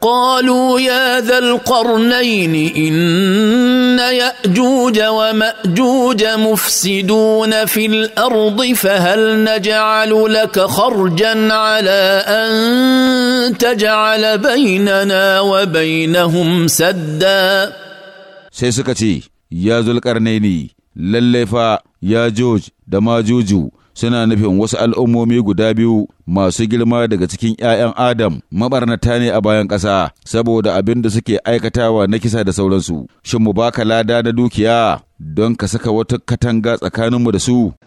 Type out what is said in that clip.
قالوا يا ذا القرنين إن يأجوج ومأجوج مفسدون في الأرض فهل نجعل لك خرجا على أن تجعل بيننا وبينهم سدا سيسكتي يا ذو القرنين للفا يا جوج دماجوجو suna nufin wasu al'ummomi guda biyu masu girma daga cikin ‘ya'yan Adam mabarnata ne a bayan ƙasa saboda abin da suke aikatawa na kisa da sauransu, shin mu baka lada na dukiya don ka saka wata katanga tsakaninmu da su?